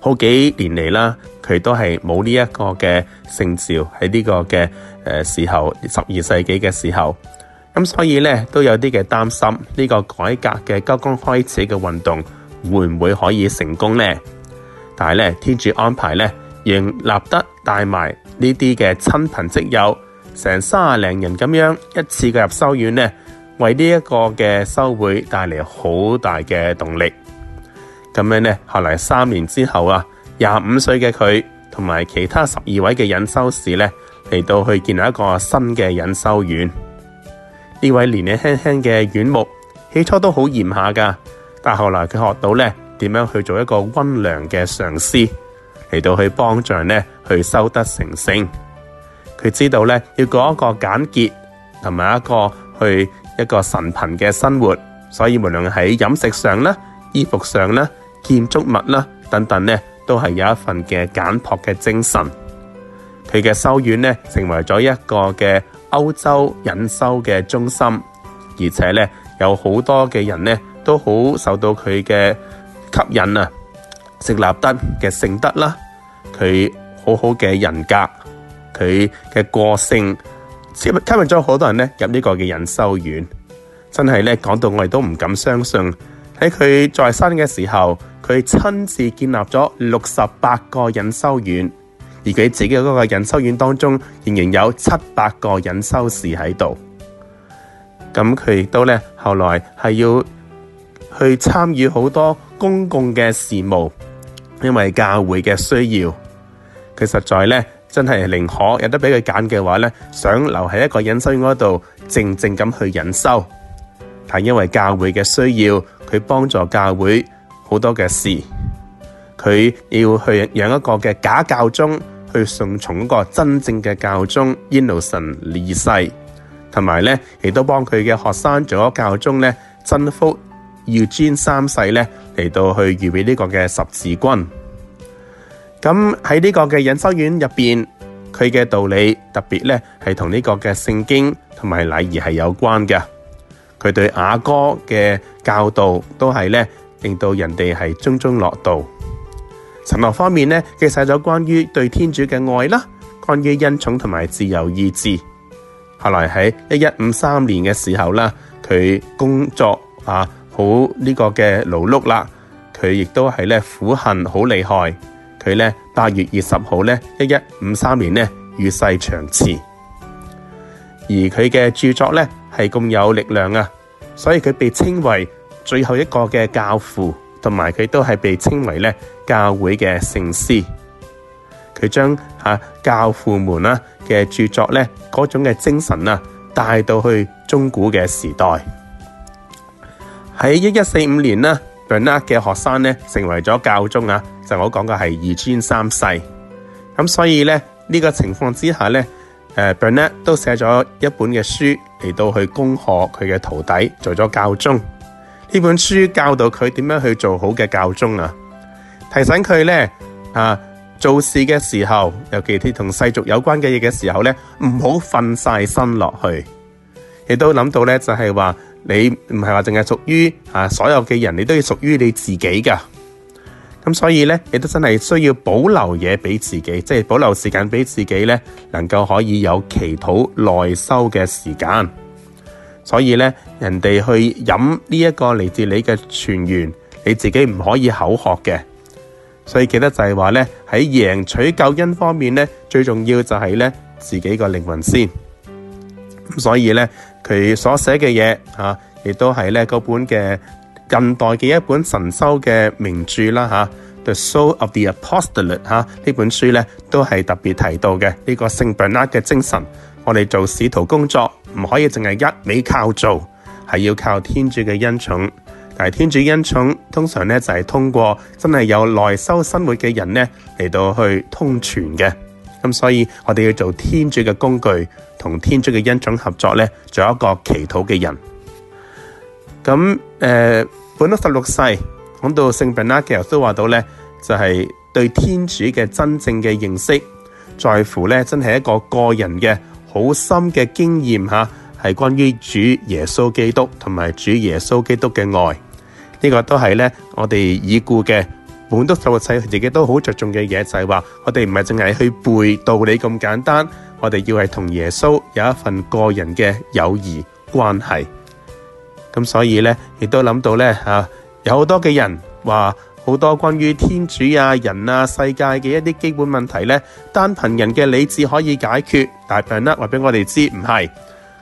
好幾年嚟啦，佢都係冇呢一個嘅聖召喺呢個嘅誒時候，十二世紀嘅時候。咁所以咧都有啲嘅擔心，呢、這個改革嘅剛剛開始嘅運動會唔會可以成功呢？但係咧天主安排咧，仍立得帶埋呢啲嘅親朋戚友成三十零人咁樣一次嘅入修院咧，為呢一個嘅修會帶嚟好大嘅動力。咁樣咧，後來三年之後啊，廿五歲嘅佢同埋其他十二位嘅隱修士咧，嚟到去建立一個新嘅隱修院。呢位年年輕輕嘅院牧起初都好嚴下噶，但係後來佢學到咧點樣去做一個溫良嘅上司，嚟到去幫助咧去修得成聖。佢知道咧要過一個簡潔同埋一個去一個神貧嘅生活，所以無論喺飲食上咧、衣服上咧、建築物啦，等等咧，都係有一份嘅簡樸嘅精神。佢嘅修院咧，成為咗一個嘅歐洲隱修嘅中心，而且咧，有好多嘅人咧，都好受到佢嘅吸引啊！直立德嘅聖德啦，佢好好嘅人格，佢嘅個性，吸引吸引咗好多人咧，入呢個嘅隱修院。真係咧，講到我哋都唔敢相信。喺佢在，在生嘅時候，佢親自建立咗六十八個隱修院，而佢自己嗰個隱修院當中仍然有七八個隱修士喺度。咁佢亦都咧，後來係要去參與好多公共嘅事務，因為教會嘅需要。佢實在咧，真係寧可有得俾佢揀嘅話咧，想留喺一個隱修院嗰度靜靜咁去隱修，但因為教會嘅需要。去幫助教會好多嘅事，佢要去養一個嘅假教宗去順從嗰個真正嘅教宗 Innocent 二世，同埋咧亦都幫佢嘅學生做咗教宗咧，真福 Eugene 三世咧嚟到去預備呢個嘅十字軍。咁喺呢個嘅隱修院入邊，佢嘅道理特別咧係同呢個嘅聖經同埋禮儀係有關嘅。佢對雅歌嘅教導都係咧，令到人哋係津津樂道。神學方面咧，記晒咗關於對天主嘅愛啦，關於恩寵同埋自由意志。後來喺一一五三年嘅時候啦，佢工作啊好呢個嘅勞碌啦，佢亦都係咧苦恨好厲害。佢咧八月二十號咧，一一五三年咧與世長辭。而佢嘅著作咧。係咁有力量啊！所以佢被稱為最後一個嘅教父，同埋佢都係被稱為咧教會嘅聖師。佢將吓、啊、教父們啦、啊、嘅著作咧嗰種嘅精神啊，帶到去中古嘅時代。喺一一四五年啦，Bernard 嘅學生咧成為咗教宗啊！就我講嘅係二傳三世。咁所以咧呢、呢個情況之下咧。誒 Bernard 都寫咗一本嘅書嚟到去恭賀佢嘅徒弟做咗教宗。呢本書教導佢點樣去做好嘅教宗啊，提醒佢呢啊做事嘅時候，尤其是同世俗有關嘅嘢嘅時候咧，唔好瞓晒身落去。亦都諗到呢，就係話你唔係話淨係屬於啊所有嘅人，你都要屬於你自己噶。咁所以咧，亦都真係需要保留嘢俾自己，即係保留時間俾自己咧，能夠可以有祈禱內修嘅時間。所以咧，人哋去飲呢一個嚟自你嘅泉源，你自己唔可以口渴嘅。所以記得就係話咧，喺贏取救恩方面咧，最重要就係咧自己個靈魂先。咁所以咧，佢所寫嘅嘢吓，亦、啊、都係咧嗰本嘅。近代嘅一本神修嘅名著啦吓，《The Soul of the Apostolate》，啊，吓，呢本書咧都係特別提到嘅呢個聖伯納嘅精神。我哋做使徒工作唔可以淨係一味靠做，係要靠天主嘅恩寵。但係天主恩寵通常咧就係通過真係有內修生活嘅人咧嚟到去通傳嘅。咁所以我哋要做天主嘅工具，同天主嘅恩寵合作咧，做一個祈禱嘅人。咁誒、呃，本篤十六世講到聖病拉嘅時候都話到咧，就係、是、對天主嘅真正嘅認識，在乎咧真係一個個人嘅好深嘅經驗嚇，係關於主耶穌基督同埋主耶穌基督嘅愛。呢、這個都係咧我哋已故嘅本篤十六世自己都好着重嘅嘢，就係、是、話我哋唔係淨係去背道理咁簡單，我哋要係同耶穌有一份個人嘅友誼關係。咁所以咧，亦都諗到咧嚇、啊，有好多嘅人話好多關於天主啊、人啊、世界嘅一啲基本問題咧，單憑人嘅理智可以解決。大笨甩話俾我哋知，唔係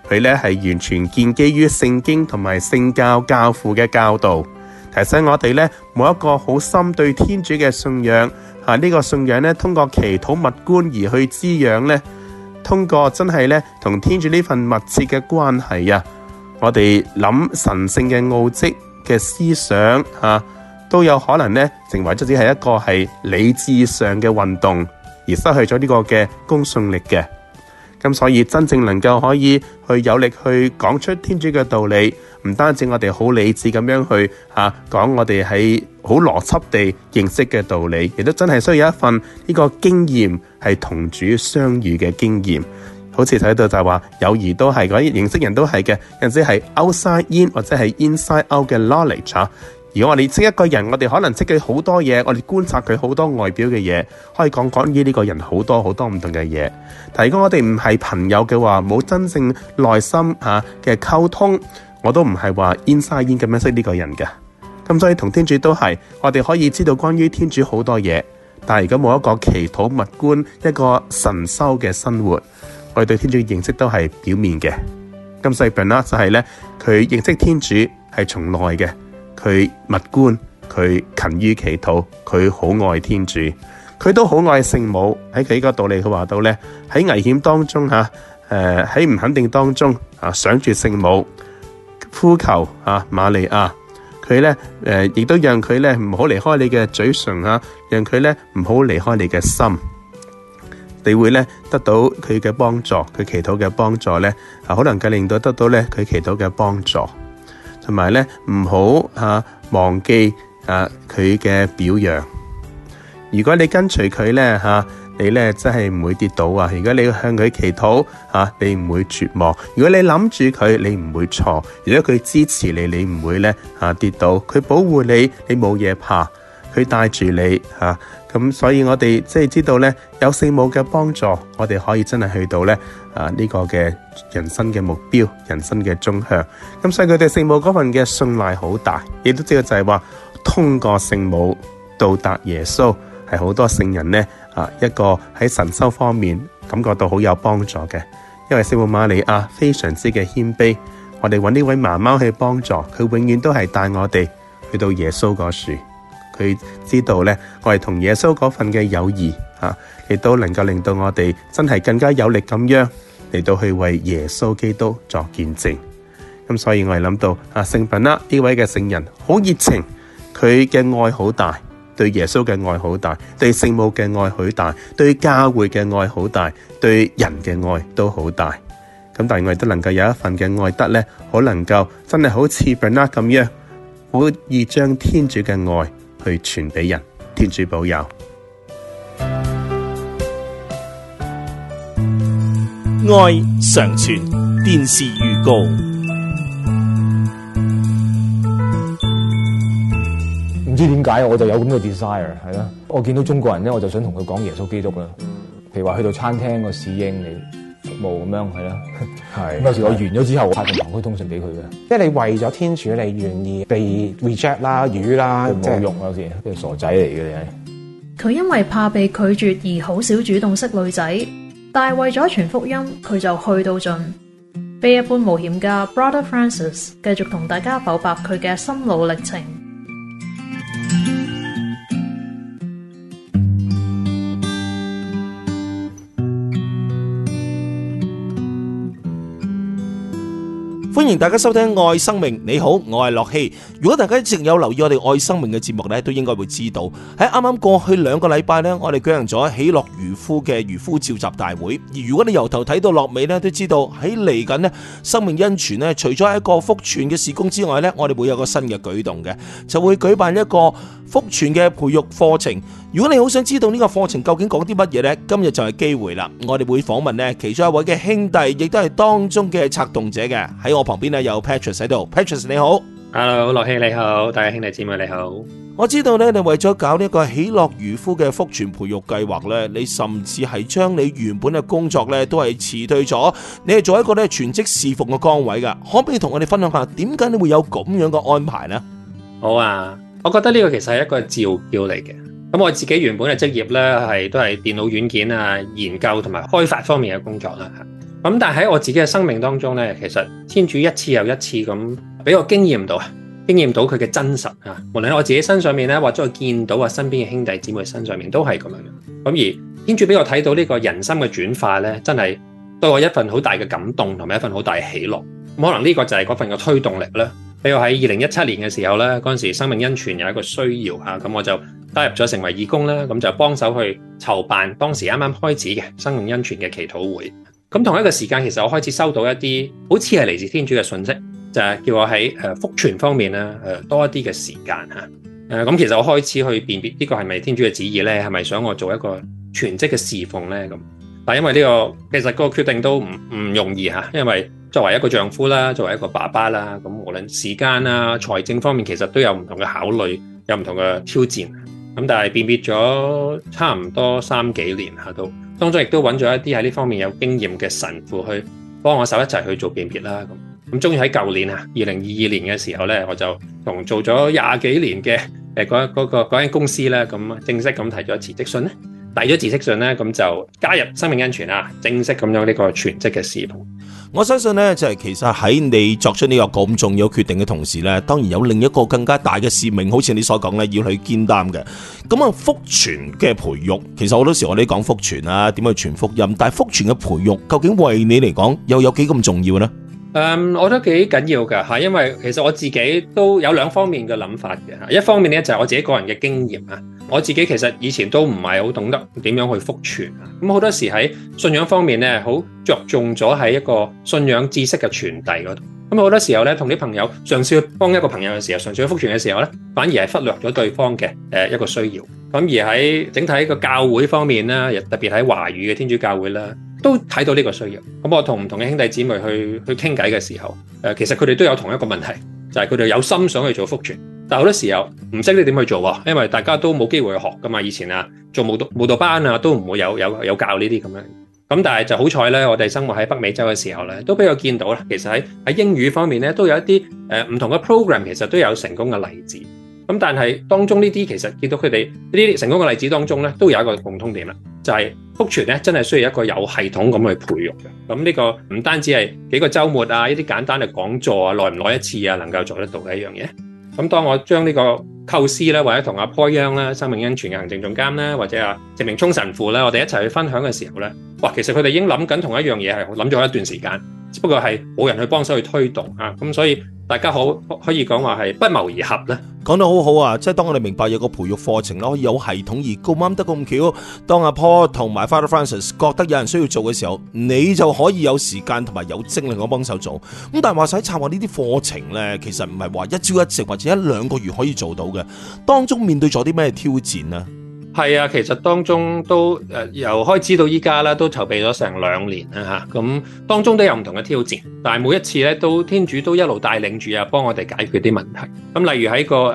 佢咧係完全建基於聖經同埋聖教教父嘅教導，提醒我哋咧每一個好深對天主嘅信仰嚇，呢、啊這個信仰咧通過祈禱默觀而去滋養咧，通過真係咧同天主呢份密切嘅關係啊！我哋諗神聖嘅奧迹嘅思想啊，都有可能呢，成為咗只係一個係理智上嘅運動，而失去咗呢個嘅公信力嘅。咁所以真正能夠可以去有力去講出天主嘅道理，唔單止我哋好理智咁樣去吓、啊、講我哋喺好邏輯地認識嘅道理，亦都真係需要一份呢個經驗，係同主相遇嘅經驗。好似睇到就係話，友誼都係嗰啲認識人都係嘅，或者係 outside in 或者係 inside out 嘅 knowledge 啊。如果我哋識一個人，我哋可能識佢好多嘢，我哋觀察佢好多外表嘅嘢，可以講關於呢個人好多好多唔同嘅嘢。但係如果我哋唔係朋友嘅話，冇真正內心嚇嘅溝通，我都唔係話 inside in 咁樣識呢個人嘅。咁所以同天主都係，我哋可以知道關於天主好多嘢，但係如果冇一個祈禱物觀，一個神修嘅生活。我哋對天主嘅認識都係表面嘅，金世平啦就係呢，佢認識天主係從內嘅，佢默觀，佢勤於祈禱，佢好愛天主，佢都好愛聖母。喺佢嘅道理，佢話到呢，喺危險當中吓，誒喺唔肯定當中啊，想住聖母，呼求啊瑪利亞，佢呢誒亦、呃、都讓佢呢唔好離開你嘅嘴唇吓、啊，讓佢呢唔好離開你嘅心。你會咧得到佢嘅幫助。咁所以我哋即係知道咧，有聖母嘅幫助，我哋可以真係去到咧啊呢、這個嘅人生嘅目標、人生嘅終向。咁、啊、所以佢哋聖母嗰份嘅信賴好大，亦都知道就係話，通過聖母到達耶穌，係好多聖人呢啊一個喺神修方面感覺到好有幫助嘅，因為聖母瑪利亞非常之嘅謙卑，我哋揾呢位媽媽去幫助，佢永遠都係帶我哋去到耶穌嗰度。佢知道咧，我係同耶穌嗰份嘅友誼啊，亦都能夠令到我哋真係更加有力咁樣嚟到去為耶穌基督作見證。咁所以我係諗到啊，聖伯拿呢位嘅聖人好熱情，佢嘅愛好大，對耶穌嘅愛好大，對聖母嘅愛好大，對教會嘅愛好大，對人嘅愛都好大。咁但係我亦都能夠有一份嘅愛德咧，可能夠真係好似伯拿咁樣，可以將天主嘅愛。去傳俾人，天主保佑，愛常傳。電視預告，唔 (noise) 知點解，我就有咁嘅 desire 係啦。我見到中國人咧，我就想同佢講耶穌基督啦。譬如話去到餐廳個侍應呢。冇咁樣係啦，係有 (laughs) 的時我完咗之後，發份常規通訊俾佢嘅，即係你為咗天主，你願意被 reject 啦、魚啦，冇用，有時，啲傻仔嚟嘅你。佢因為怕被拒絕而好少主動識女仔，但係為咗傳福音，佢就去到盡。非一般冒險家 Brother Francis 繼續同大家剖白佢嘅心路歷程。歡迎大家收聽愛生命。你好，我係樂希。如果大家一直有留意我哋愛生命嘅節目咧，都應該會知道喺啱啱過去兩個禮拜咧，我哋舉行咗喜樂漁夫嘅漁夫召集大會。而如果你由頭睇到落尾咧，都知道喺嚟緊咧生命恩泉，咧，除咗係一個福傳嘅事工之外咧，我哋會有個新嘅舉動嘅，就會舉辦一個。福全嘅培育課程，如果你好想知道呢個課程究竟講啲乜嘢呢，今日就係機會啦！我哋會訪問呢其中一位嘅兄弟，亦都係當中嘅策動者嘅喺我旁邊呢，有 Patrice 喺度。Patrice 你好，Hello，樂熙你好，大家兄弟姐妹你好。我知道呢，你為咗搞呢個喜樂漁夫嘅福全培育計劃呢，你甚至係將你原本嘅工作呢都係辭退咗，你係做一個呢全職侍奉嘅崗位噶，可唔可以同我哋分享下點解你會有咁樣嘅安排呢？好啊。我覺得呢個其實係一個照叫嚟嘅。咁、嗯、我自己原本嘅職業呢，係都係電腦軟件啊、研究同埋開發方面嘅工作啦。咁、嗯、但係喺我自己嘅生命當中呢，其實天主一次又一次咁俾我經驗到啊，經驗到佢嘅真實啊。無論喺我自己身上面呢，或者我見到我身邊嘅兄弟姊妹身上面都係咁樣嘅。咁、嗯、而天主俾我睇到呢個人生嘅轉化呢，真係對我一份好大嘅感動同埋一份好大嘅喜樂，嗯。可能呢個就係嗰份嘅推動力啦。比如喺二零一七年嘅時候咧，嗰陣時生命恩泉有一個需要嚇，咁、啊、我就加入咗成為義工啦，咁、啊、就幫手去籌辦當時啱啱開始嘅生命恩泉嘅祈禱會。咁、啊、同一個時間，其實我開始收到一啲好似係嚟自天主嘅訊息，就係叫我喺誒福傳方面咧誒、啊、多一啲嘅時間嚇。誒、啊、咁、啊、其實我開始去辨別呢、這個係咪天主嘅旨意咧，係咪想我做一個全職嘅侍奉咧咁。啊但因為呢個其實個決定都唔唔容易吓，因為作為一個丈夫啦，作為一個爸爸啦，咁無論時間啦、財政方面，其實都有唔同嘅考慮，有唔同嘅挑戰。咁但係辨別咗差唔多三幾年吓，都當中亦都揾咗一啲喺呢方面有經驗嘅神父去幫我手一齊去做辨別啦。咁咁終於喺舊年啊，二零二二年嘅時候呢，我就同做咗廿幾年嘅誒嗰嗰個間、嗰個嗰個嗰個、公司呢，咁正式咁提咗辭職信咧。遞咗辭職信呢，咁就加入生命恩泉啊，正式咁樣呢個全職嘅侍奉。我相信呢，就係其實喺你作出呢個咁重要決定嘅同時呢，當然有另一個更加大嘅使命，好似你所講呢，要去肩擔嘅。咁啊，福傳嘅培育，其實好多時我哋講福傳啊，點去傳福音，但係福傳嘅培育，究竟為你嚟講又有幾咁重要呢？誒，um, 我覺得幾緊要㗎，嚇，因為其實我自己都有兩方面嘅諗法嘅。一方面咧，就係，我自己個人嘅經驗啊，我自己其實以前都唔係好懂得點樣去福傳啊。咁、嗯、好多時喺信仰方面咧，好着重咗喺一個信仰知識嘅傳遞嗰度。咁、嗯、好多時候咧，同啲朋友上次去幫一個朋友嘅時候，上次去福傳嘅時候咧，反而係忽略咗對方嘅誒一個需要。咁而喺整體個教會方面咧，特別喺華語嘅天主教會啦。都睇到呢個需要，咁、嗯、我同唔同嘅兄弟姊妹去去傾偈嘅時候，誒、呃、其實佢哋都有同一個問題，就係佢哋有心想去做福傳，但好多時候唔識得點去做喎，因為大家都冇機會去學㗎嘛，以前啊做慕道慕道班啊都唔會有有有教這這、嗯、呢啲咁樣，咁但係就好彩咧，我哋生活喺北美洲嘅時候咧，都比較見到啦，其實喺喺英語方面咧都有一啲誒唔同嘅 program，其實都有成功嘅例子，咁、嗯、但係當中呢啲其實見到佢哋呢啲成功嘅例子當中咧，都有一個共通點啦。就係福傳咧，真係需要一個有系統咁去培育嘅。咁、嗯、呢、呢個唔單止係幾個週末啊，呢啲簡單嘅講座啊，耐唔耐一次啊，能夠做得到嘅一樣嘢。咁、嗯、當我將呢個構思咧，或者同阿坡央啦、生命恩泉嘅行政總監啦，或者阿、啊、謝明聰神父啦，我哋一齊去分享嘅時候咧，哇！其實佢哋已經諗緊同一樣嘢，係諗咗一段時間，只不過係冇人去幫手去推動嚇。咁、啊嗯、所以。大家好，可以講話係不謀而合咧。講得好好啊，即係當我哋明白有個培育課程咯，有系統而咁啱得咁巧。當阿 Paul 同埋 Father Francis 覺得有人需要做嘅時候，你就可以有時間同埋有精力去幫手做。咁但係話曬策劃，呢啲課程呢，其實唔係話一朝一夕或者一兩個月可以做到嘅。當中面對咗啲咩挑戰啊？係啊，其實當中都誒、呃、由開始到依家啦，都籌備咗成兩年啦嚇。咁、啊啊、當中都有唔同嘅挑戰，但係每一次咧，都天主都一路帶領住啊，幫我哋解決啲問題。咁、啊、例如喺個誒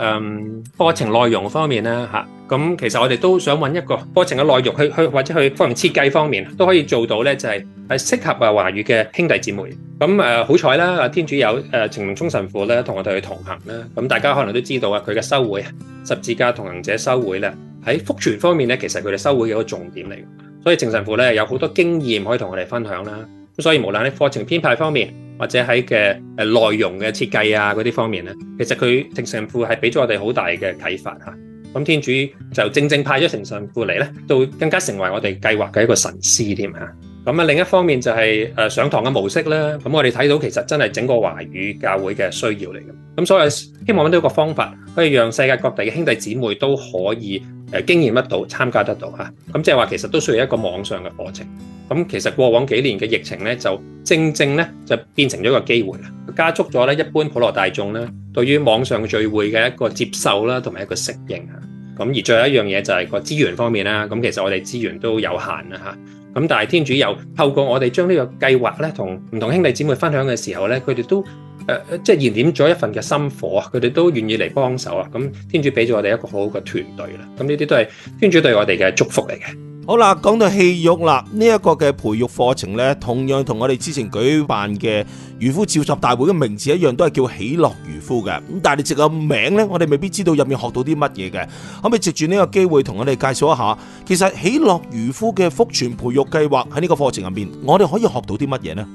課、嗯、程內容方面啦，嚇、啊，咁、啊、其實我哋都想揾一個課程嘅內容去去或者去可能設計方面都可以做到咧，就係、是、係、啊、適合啊華語嘅兄弟姊妹。咁誒好彩啦，天主有誒、啊、程中神父咧，同我哋去同行啦。咁大家可能都知道啊，佢嘅修會十字架同行者修會啦。啊。喺福傳方面咧，其實佢哋修會嘅一個重點嚟，所以程神父咧有好多經驗可以同我哋分享啦。咁所以無論喺課程編排方面，或者喺嘅誒內容嘅設計啊嗰啲方面咧，其實佢程神父係俾咗我哋好大嘅啟發嚇。咁天主就正正派咗程神父嚟咧，都更加成為我哋計劃嘅一個神師添啊。咁啊另一方面就係誒上堂嘅模式啦。咁我哋睇到其實真係整個華語教會嘅需要嚟嘅。咁所以希望揾到一個方法，可以讓世界各地嘅兄弟姊妹都可以。誒經驗得到，參加得到嚇，咁、啊、即係話其實都需要一個網上嘅課程。咁、啊、其實過往幾年嘅疫情咧，就正正咧就變成咗一個機會啦，加速咗咧一般普羅大眾咧對於網上嘅聚會嘅一個接受啦，同埋一個適應嚇。咁、啊、而最後一樣嘢就係個資源方面啦。咁、啊、其實我哋資源都有限啦嚇。咁、啊、但係天主又透過我哋將呢個計劃咧，同唔同兄弟姊妹分享嘅時候咧，佢哋都。呃、即係燃點咗一份嘅心火啊！佢哋都願意嚟幫手啊！咁、嗯、天主俾咗我哋一個好好嘅團隊啦！咁呢啲都係天主對我哋嘅祝福嚟嘅。好啦，講到戲肉啦，呢、這、一個嘅培育課程呢，同樣同我哋之前舉辦嘅漁夫召集大會嘅名字一樣，都係叫喜樂漁夫嘅。咁但係你淨個名呢，我哋未必知道入面學到啲乜嘢嘅。可唔可以藉住呢個機會同我哋介紹一下？其實喜樂漁夫嘅福傳培育計劃喺呢個課程入面，我哋可以學到啲乜嘢呢？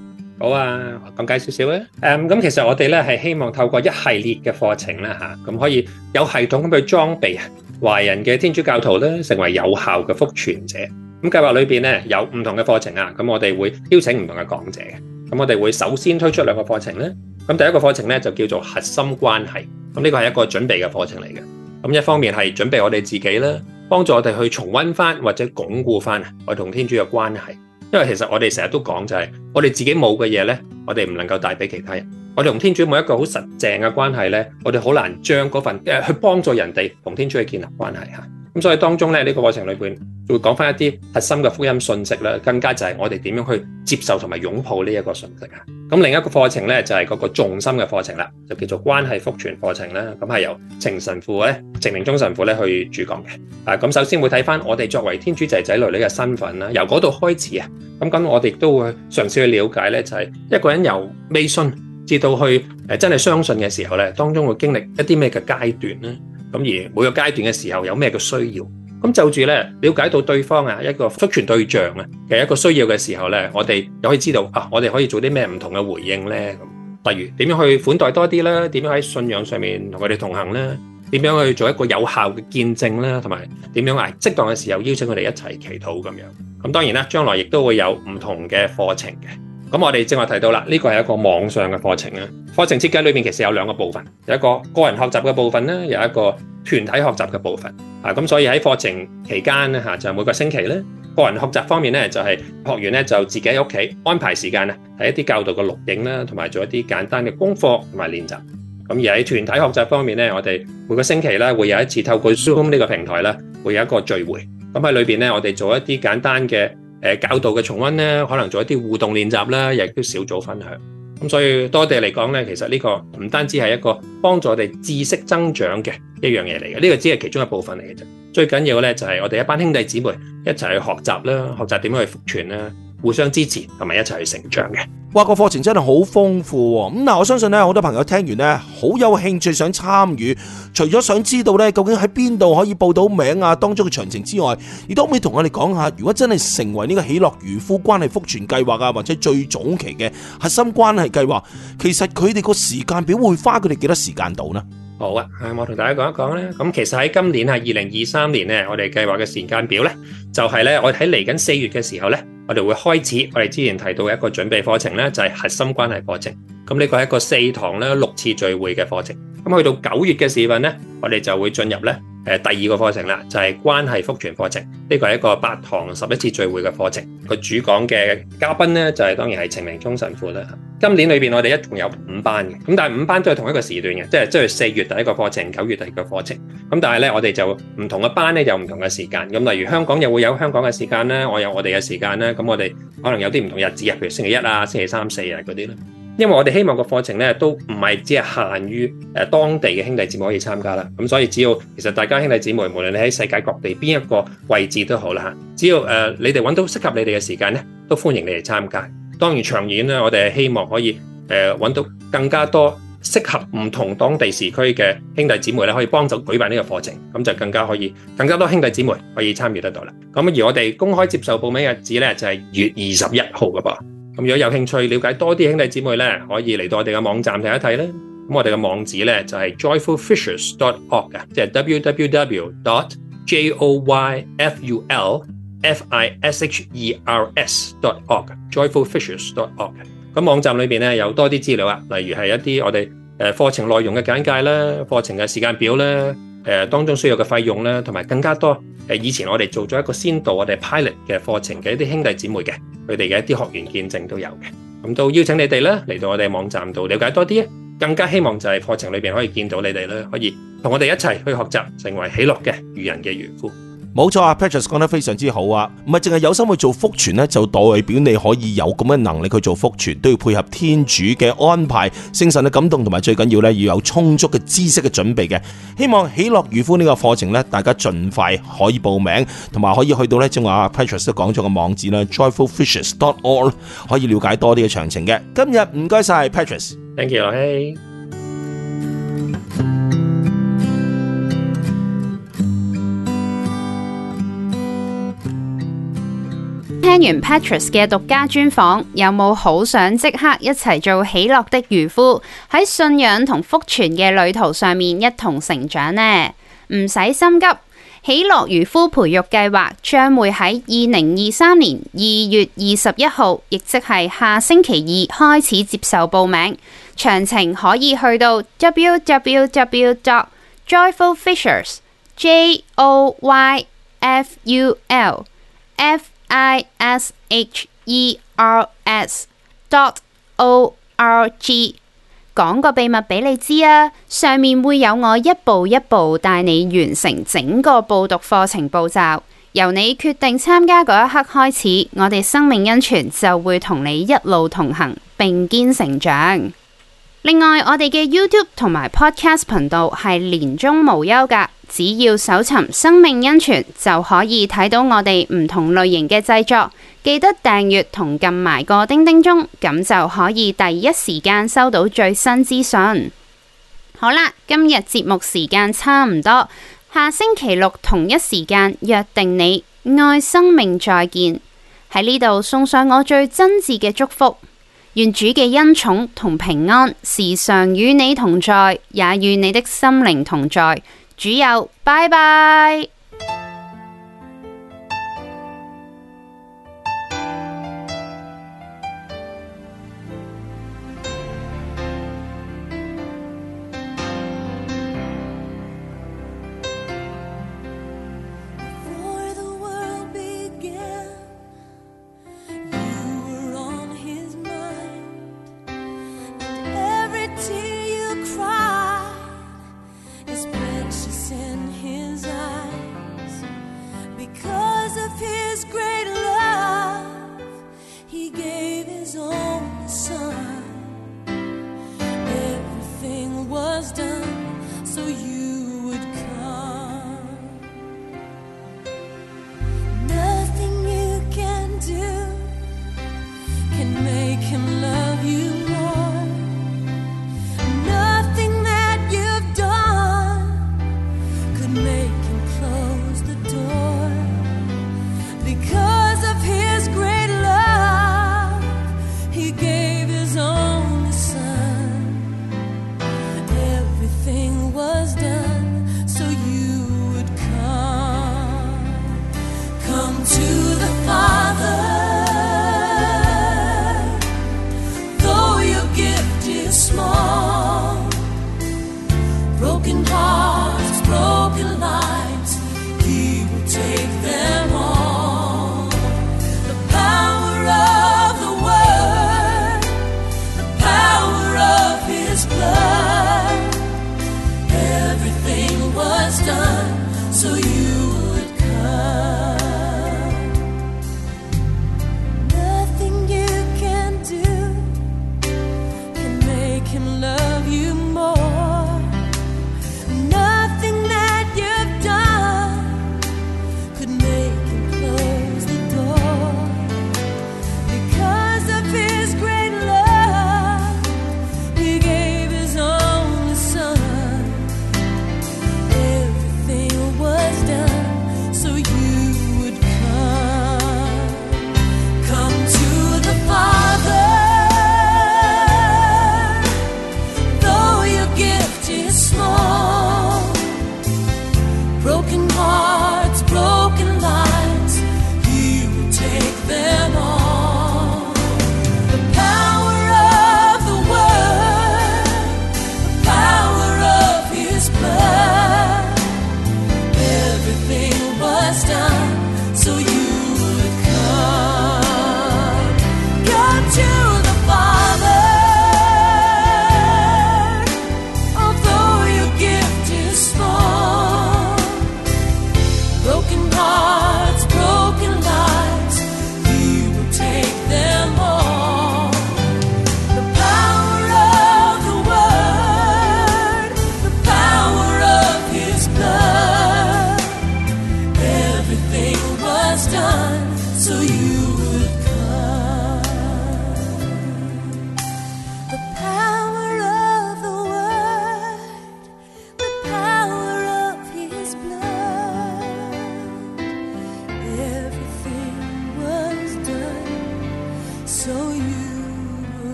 好啊，講解少少咧。誒，咁其實我哋咧係希望透過一系列嘅課程啦，嚇、啊，咁可以有系統咁去裝備華人嘅天主教徒咧，成為有效嘅福傳者。咁計劃裏邊咧有唔同嘅課程啊，咁、嗯、我哋會邀請唔同嘅講者。咁、嗯、我哋會首先推出兩個課程咧。咁、啊、第一個課程咧就叫做核心關係。咁、啊、呢、這個係一個準備嘅課程嚟嘅。咁、啊、一方面係準備我哋自己啦，幫助我哋去重溫翻或者鞏固翻我同天主嘅關係。因為其實我哋成日都講就係、是，我哋自己冇嘅嘢咧，我哋唔能夠帶俾其他人。我哋同天主冇一個好實淨嘅關係呢，我哋好難將嗰份、呃、去幫助人哋同天主去建立關係。咁所以當中咧，呢個課程裏邊會講翻一啲核心嘅福音信息啦，更加就係我哋點樣去接受同埋擁抱呢一個信息啊。咁另一個課程呢，就係嗰個重心嘅課程啦，就叫做關係復全課程啦。咁係由程神父咧、程明忠神父咧去主講嘅。啊，咁首先會睇翻我哋作為天主仔仔女女嘅身份啦，由嗰度開始啊。咁咁我哋都會嘗試去了解呢，就係一個人由未信至到去誒真係相信嘅時候呢，當中會經歷一啲咩嘅階段呢？咁而每個階段嘅時候有咩嘅需要，咁就住咧瞭解到對方啊一個福傳對象啊，其實一個需要嘅時候咧，我哋又可以知道啊，我哋可以做啲咩唔同嘅回應咧。咁，例如點樣去款待多啲啦，點樣喺信仰上面同佢哋同行啦，點樣去做一個有效嘅見證啦，同埋點樣喺適當嘅時候邀請佢哋一齊祈禱咁樣。咁當然啦，將來亦都會有唔同嘅課程嘅。咁我哋正話提到啦，呢個係一個網上嘅課程啊。課程設計裏面其實有兩個部分，有一個個人學習嘅部分咧，有一個團體學習嘅部分啊。咁所以喺課程期間咧、啊，就每個星期咧，個人學習方面咧就係、是、學員咧就自己喺屋企安排時間啊，睇一啲教導嘅錄影啦，同埋做一啲簡單嘅功課同埋練習。咁、啊、而喺團體學習方面咧，我哋每個星期咧會有一次透過 Zoom 呢個平台咧會有一個聚會。咁喺裏邊咧，我哋做一啲簡單嘅。誒教導嘅重溫咧，可能做一啲互動練習啦，亦都小組分享。咁所以多啲嚟講咧，其實呢個唔單止係一個幫助我哋知識增長嘅一樣嘢嚟嘅，呢、這個只係其中一部分嚟嘅啫。最緊要咧就係我哋一班兄弟姊妹一齊去學習啦，學習點樣去復傳啦。互相支持同埋一齊去成長嘅。哇，個課程真係好豐富。咁嗱，我相信咧，好多朋友聽完咧好有興趣想參與。除咗想知道咧，究竟喺邊度可以報到名啊，當中嘅詳情之外，亦都可唔可以同我哋講下，如果真係成為呢個喜樂漁夫關係覆傳計劃啊，或者最早期嘅核心關係計劃，其實佢哋個時間表會花佢哋幾多時間到呢？好啊，係我同大家講一講啦。咁其實喺今年係二零二三年咧，我哋計劃嘅時間表咧，就係咧，我喺嚟緊四月嘅時候咧，我哋會開始我哋之前提到嘅一個準備課程咧，就係核心關係課程。咁呢個係一個四堂咧六次聚會嘅課程。咁去到九月嘅時份咧，我哋就會進入咧誒第二個課程啦，就係關係復全課程。呢個係一個八堂十一次聚會嘅課程。個主講嘅嘉賓咧，就係當然係程明忠神父啦。今年裏邊我哋一共有五班嘅，咁但係五班都係同一個時段嘅，即係即係四月第一個課程，九月第二個課程。咁但係呢，我哋就唔同嘅班呢，有唔同嘅時間。咁例如香港又會有香港嘅時間啦，我有我哋嘅時間啦。咁我哋可能有啲唔同日子，譬如星期一啊、星期三四啊嗰啲啦。因為我哋希望個課程呢都唔係只係限於誒當地嘅兄弟姊妹可以參加啦。咁所以只要其實大家兄弟姊妹，無論你喺世界各地邊一個位置都好啦嚇，只要誒、呃、你哋揾到適合你哋嘅時間呢，都歡迎你哋參加。當然，長遠咧，我哋係希望可以誒揾、呃、到更加多適合唔同當地時區嘅兄弟姐妹咧，可以幫手舉辦呢個課程，咁、嗯、就更加可以更加多兄弟姐妹可以參與得到啦。咁、嗯、而我哋公開接受報名嘅日子咧，就係、是、月二十一號㗎噃。咁、嗯、如果有興趣了解多啲兄弟姐妹咧，可以嚟到我哋嘅網站睇一睇咧。咁、嗯、我哋嘅網址咧就係、是、joyfulfishers.org 嘅，即係 www.joyful f i s h e r s. dot org joyfulfishers. dot org 咁網站裏邊咧有多啲資料啊，例如係一啲我哋誒課程內容嘅簡介啦，課程嘅時間表啦、誒當中需要嘅費用啦，同埋更加多誒以前我哋做咗一個先導我哋 pilot 嘅課程嘅一啲兄弟姐妹嘅佢哋嘅一啲學員見證都有嘅，咁都邀請你哋啦，嚟到我哋網站度了解多啲啊，更加希望就係課程裏邊可以見到你哋啦，可以同我哋一齊去學習，成為喜樂嘅漁人嘅漁夫。冇錯啊，Patrice 講得非常之好啊，唔係淨係有心去做福傳咧，就代表你可以有咁嘅能力去做福傳，都要配合天主嘅安排，聖神嘅感動，同埋最緊要咧要有充足嘅知識嘅準備嘅。希望喜樂漁夫呢個課程咧，大家盡快可以報名，同埋可以去到咧，正話 Patrice 都講咗個網址啦，joyfulfishes.org 可以了解多啲嘅詳情嘅。今日唔該晒，Patrice，Thank you，okay. 聽完 Patrice 嘅獨家專訪，有冇好想即刻一齊做喜樂的漁夫，喺信仰同福傳嘅旅途上面一同成長呢？唔使心急，喜樂漁夫培育計劃將會喺二零二三年二月二十一號，亦即係下星期二開始接受報名。詳情可以去到 www.joyfulfishers.jo y f u l f S i s h e r s. dot o r g，講個秘密俾你知啊！上面會有我一步一步帶你完成整個報讀課程步驟。由你決定參加嗰一刻開始，我哋生命恩泉就會同你一路同行，並肩成長。另外，我哋嘅 YouTube 同埋 Podcast 頻道係年終無休㗎。只要搜尋生命恩泉就可以睇到我哋唔同類型嘅製作。記得訂閱同撳埋個叮叮鐘，咁就可以第一時間收到最新資訊。好啦，今日節目時間差唔多，下星期六同一時間約定你愛生命再見。喺呢度送上我最真摯嘅祝福，願主嘅恩寵同平安時常與你同在，也與你的心靈同在。主有拜拜。